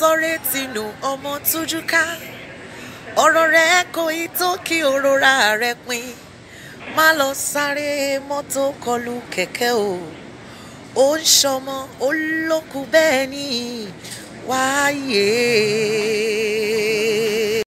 sọ́rẹ́ tinú ọmọ tójú ká ọ̀rọ̀ rẹ̀ kò í tó kí òrora rẹ̀ pin má lọ sáré mọ́tò kọlù kẹ̀kẹ́ o ó ń ṣọmọ olókùú bẹ́ẹ̀ ni wáyé.